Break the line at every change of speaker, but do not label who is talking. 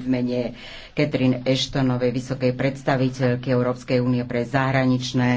v mene Katrin Eštonovej, vysokej predstaviteľky Európskej únie pre zahraničné